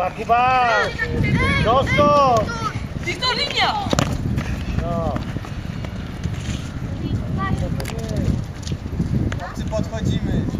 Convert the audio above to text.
Kuba, Kuba! Prosto! Wiktor, linia! No. Chłopcy, podchodzimy.